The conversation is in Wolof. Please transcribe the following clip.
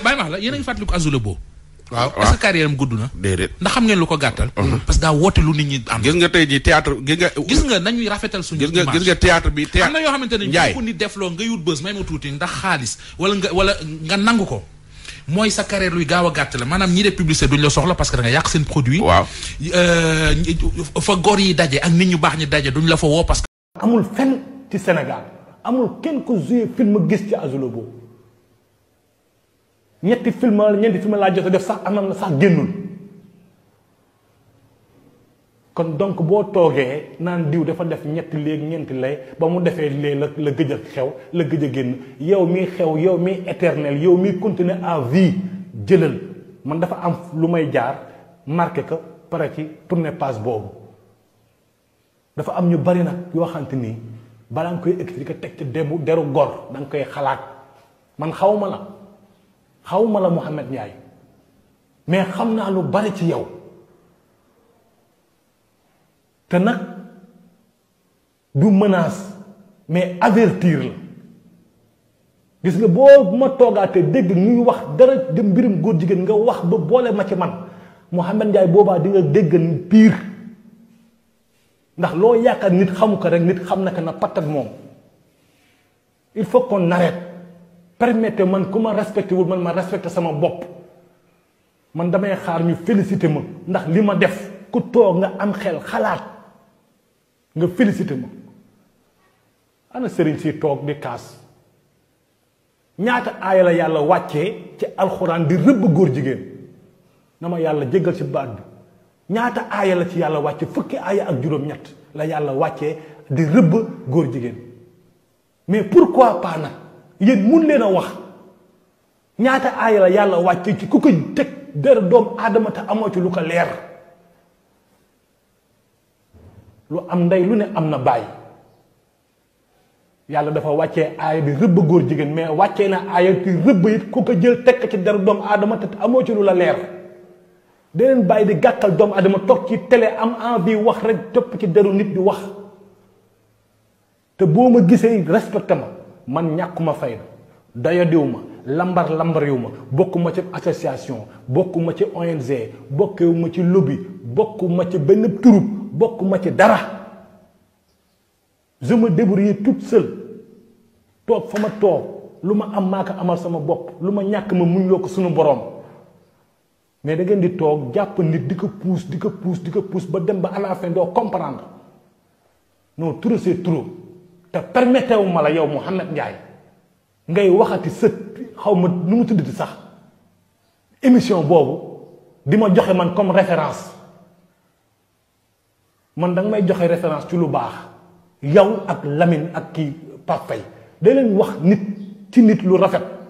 Baye Max la yéen a ngi fàttaliku na. déedéet ndax xam ngeen lu ko gàttal. Mm-hmm. Mm-hmm. parce que daa woote lu nit ñi am. gis nga tey jii théâtre gis nga. gis nga bi théâtre. am yoo xamante ne ñu ko nit defloo nga yut bës may ma tuuti ndax xaalis wala nga wala nga ko. mooy sa carrière luy gaaw gàtt la maanaam ñi de publicité la soxla parce que da nga yàq seen produit. Euh, fa góor yi daje ak nit ñu baax ñi daje duñ la fa parce que. amul fenn ci Sénégal amul kenn ku gis ci Azou le ñetti film la ñeenti film la jot def sax anam la sax gennul kon donc bo toogee nan diw dafa def ñetti leg ñenti lay ba mu defee lee la la gëj xew le gëjë genn yow mi xew yow mi éternel yow mi continuer à vie jëlal man dafa am lu may jaar marqué ko paré ci tourner passe bobu dafa am ñu bari nak yo xantini balang koy nga koy expliquer teg ci deru gor dang koy xalaat man xawma la xaw ma la Mouhamed Ndiaye mais xam naa lu bari ci yow te nag du menace mais avertir la gis nga boo bu ma toogaatee dégg ñuy wax dara dem mbirum góor jigéen nga wax ba boole ma ci man Mouhamed njaay boobaa di nga dégg piir ndax loo yaakaar nit xamu ko rek nit xam na ko na patt ak moom il faut qu'on arrête permettez man comment respecter Je wul man ma respecté sama Je man damay xaar ñu félicité ma ndax li ma def ku nga am xel nga félicité ma ana Je tok di kaas ñaata Je la Je ci di Je Je ci Je ñaata Je la ci Je fukki Je ak la Je di mais pourquoi pas yéen mun leen a wax ñaata aaya la yàlla wàcc ci ku teg der doom aadama te amoo ko leer lu am ndey lu ne am na baay yàlla dafa wàccee aaya bi rëbb góor jigéen mais wàccee na aaya rëbb ko jël teg ci der doom aadama te amoo ci lu la leer da leen bàyyi di gàkkal doom aadama toog ci tele am envie wax rek topp ci deru nit di wax te boo ma gisee respecté ma man ñakuma fay daya lambar lambar yiw bokuma ci association bokuma ci ONG bokkuma ci lobby bokuma ci ben bokuma ci dara je me débrouille toute seule Top fa ma Luma lu toute am amal sama bop luma ma muñ Je suñu borom mais da ngeen di tok japp nit di pousse diko à la fin do comprendre non tout c'est trop te permettre wu ma la yow Mouhamed Ndiaye ngay waxati sa xaw ma nu mu tuddati sax émission boobu di ma joxe man comme référence man da may joxe référence ci lu baax yow ak Lamine ak kii Pape Faye day leen wax nit ci nit lu rafet.